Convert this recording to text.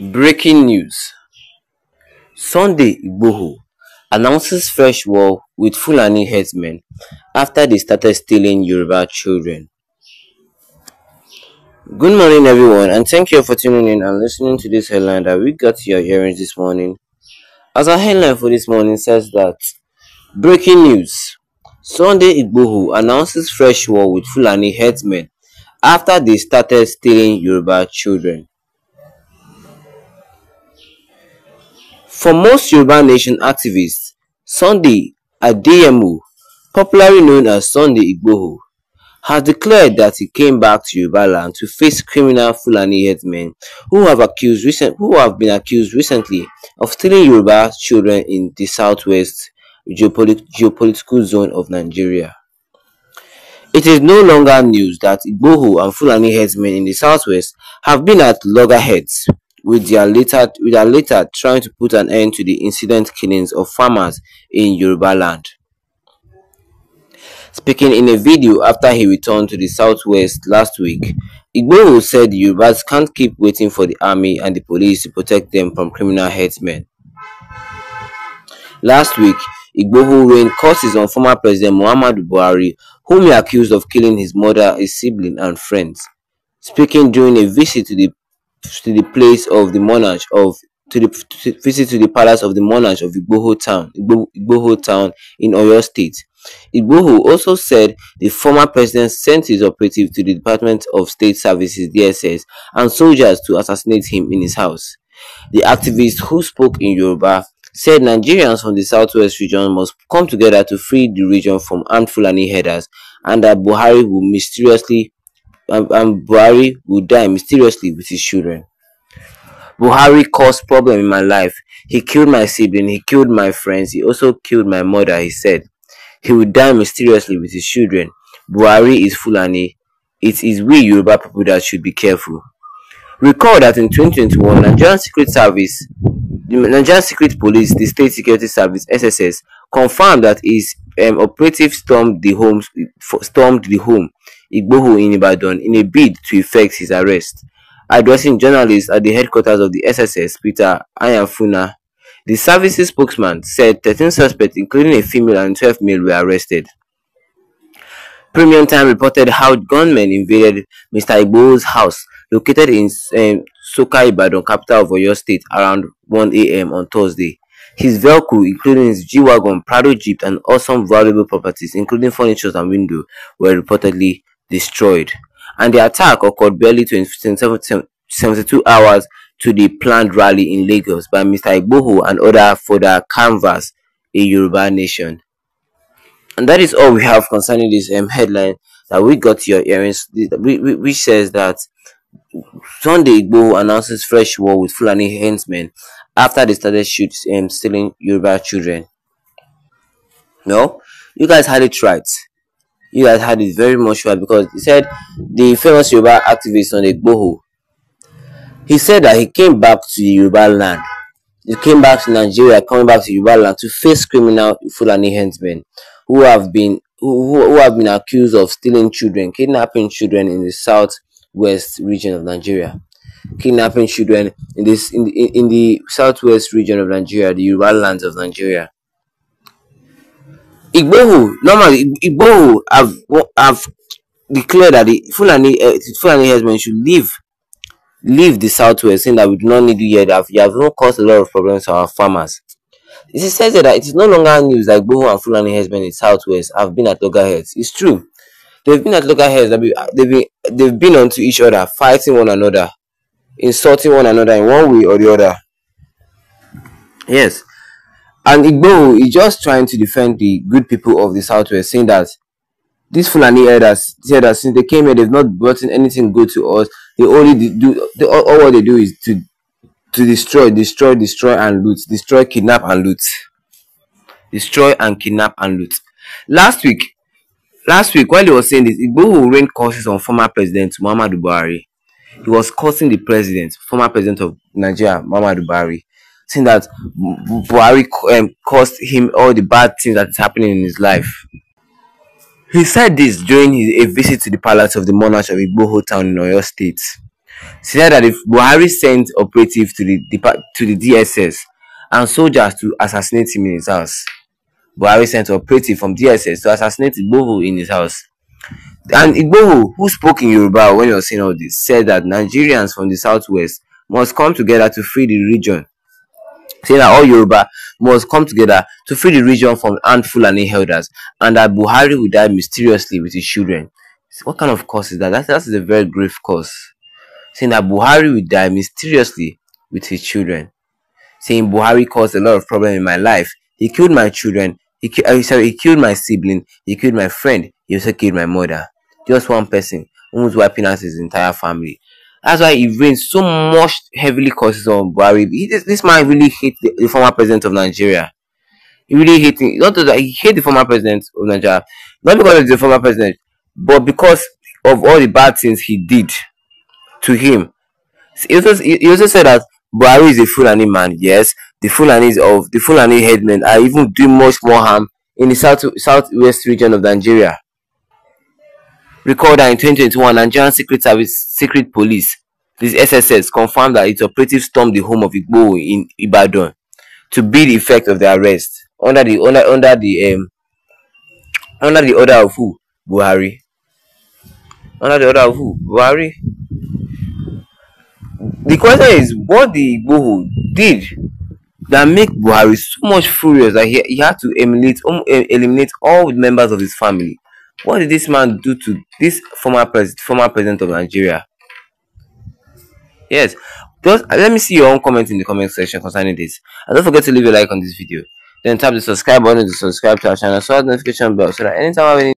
Breaking news. Sunday Igboho announces fresh war with Fulani headsmen after they started stealing Yoruba children. Good morning everyone and thank you for tuning in and listening to this headline that we got to your hearing this morning. As our headline for this morning says that Breaking news. Sunday Igboho announces fresh war with Fulani headsmen after they started stealing Yoruba children. For most Yoruba Nation activists, Sunday Adeyemo, popularly known as Sunday Igboho, has declared that he came back to Yoruba land to face criminal Fulani headmen who have accused recent who have been accused recently of stealing Yoruba children in the southwest geopolit geopolitical zone of Nigeria. It is no longer news that Igboho and Fulani headsmen in the southwest have been at loggerheads with their later with their later trying to put an end to the incident killings of farmers in Yoruba land. Speaking in a video after he returned to the southwest last week, Igbohu said Yorubas can't keep waiting for the army and the police to protect them from criminal headsmen. Last week, Igbohu rained curses on former President Muhammadu Buhari, whom he accused of killing his mother, his sibling, and friends. Speaking during a visit to the to the place of the monarch of to the to visit to the palace of the monarch of Igboho town, Igboho town in Oyo State. Igboho also said the former president sent his operative to the Department of State Services DSS and soldiers to assassinate him in his house. The activist who spoke in Yoruba said Nigerians from the southwest region must come together to free the region from armed Fulani headers and that Buhari will mysteriously and Buhari will die mysteriously with his children. Buhari caused problem in my life. He killed my sibling, he killed my friends, he also killed my mother, he said. He will die mysteriously with his children. Buhari is Fulani. It is we Yoruba people that should be careful. Recall that in 2021, Nigerian Secret Service, the Nigerian Secret Police, the State Security Service (SSS), confirmed that his um, operative stormed the home, stormed the home Igbohu in Ibadan in a bid to effect his arrest. Addressing journalists at the headquarters of the SSS, Peter Ayafuna, the service's spokesman said 13 suspects, including a female and 12 male, were arrested. Premium Time reported how gunmen invaded Mr. Igbohu's house, located in um, Soka Ibadan, capital of Oyo State, around 1 a.m. on Thursday. His vehicle, including his G-Wagon, Prado Jeep, and all some valuable properties, including furniture and window, were reportedly destroyed, and the attack occurred barely 72 hours to the planned rally in Lagos by Mr. Igboho and other for the canvas in Yoruba nation. And that is all we have concerning this um, headline that we got your earrings, which says that Sunday Igboho announces fresh war with Fulani henchmen after they started shooting um, stealing Yoruba children. No, you guys had it right you guys had it very much right because he said the famous Yoruba activist on the Egboho. He said that he came back to the Yoruba land. He came back to Nigeria, coming back to Yoruba land to face criminal Fulani henchmen who have been who, who have been accused of stealing children, kidnapping children in the southwest region of Nigeria, kidnapping children in this in the, in the southwest region of Nigeria, the Yoruba lands of Nigeria. Igboho, normally Igboho have have declared that the Fulani uh, Fulani herdsmen should leave leave the southwest, saying that we do not need you here. That you have not caused a lot of problems to our farmers. It is said that it is no longer news that Igboho and Fulani herdsmen in southwest have been at loggerheads. It's true. They've been at loggerheads. They've been, they've been they've been onto each other, fighting one another, insulting one another in one way or the other. Yes. And Igbo is just trying to defend the good people of the Southwest, saying that these Fulani elders said that since they came here, they've not brought in anything good to us. They only do, they, all, all what they do is to to destroy, destroy, destroy and loot, destroy, kidnap and loot, destroy and kidnap and loot. Last week, last week while he was saying this, Igbo will rain curses on former president Muhammadu Buhari. He was cursing the president, former president of Nigeria, Muhammadu Buhari think that Buhari um, caused him all the bad things that's happening in his life. He said this during his, a visit to the palace of the monarch of Igboho town in Oyo State. He said that if Buhari sent operatives to the, to the DSS and soldiers to assassinate him in his house, Buhari sent operative from DSS to assassinate Igboho in his house. And Igboho, who spoke in Yoruba when he was saying all this, said that Nigerians from the southwest must come together to free the region saying that all Yoruba must come together to free the region from handful and elders and that Buhari will die mysteriously with his children. What kind of cause is that? That, that is a very grave cause. Saying that Buhari will die mysteriously with his children. Saying Buhari caused a lot of problems in my life. He killed my children. He, ki- eh, sorry, he killed my sibling. He killed my friend. He also killed my mother. Just one person who's wiping out his entire family. That's why he rains so much heavily causes on Buhari. He, this, this man really hates the, the, former president of Nigeria. He really hates not that he hates the former president of Nigeria, not because of the former president, but because of all the bad things he did to him. He also, he also said that Buhari is a Fulani man. Yes, the Fulanis of the Fulani headmen are even doing much more harm in the south southwest region of Nigeria recalled that in 2021, Nigerian Secret Service Secret Police, this SSS, confirmed that its operatives stormed the home of Igbo in Ibadan to be the effect of the arrest under the under under the um under the order of who Buhari under the order of who Buhari. The question is what the Igbo did that make Buhari so much furious that he, he had to eliminate um, eliminate all members of his family. What did this man do to this former president, former president of Nigeria? Yes, just let me see your own comment in the comment section concerning this. And don't forget to leave a like on this video. Then tap the subscribe button to subscribe to our channel, so that notification bell, so that anytime I have any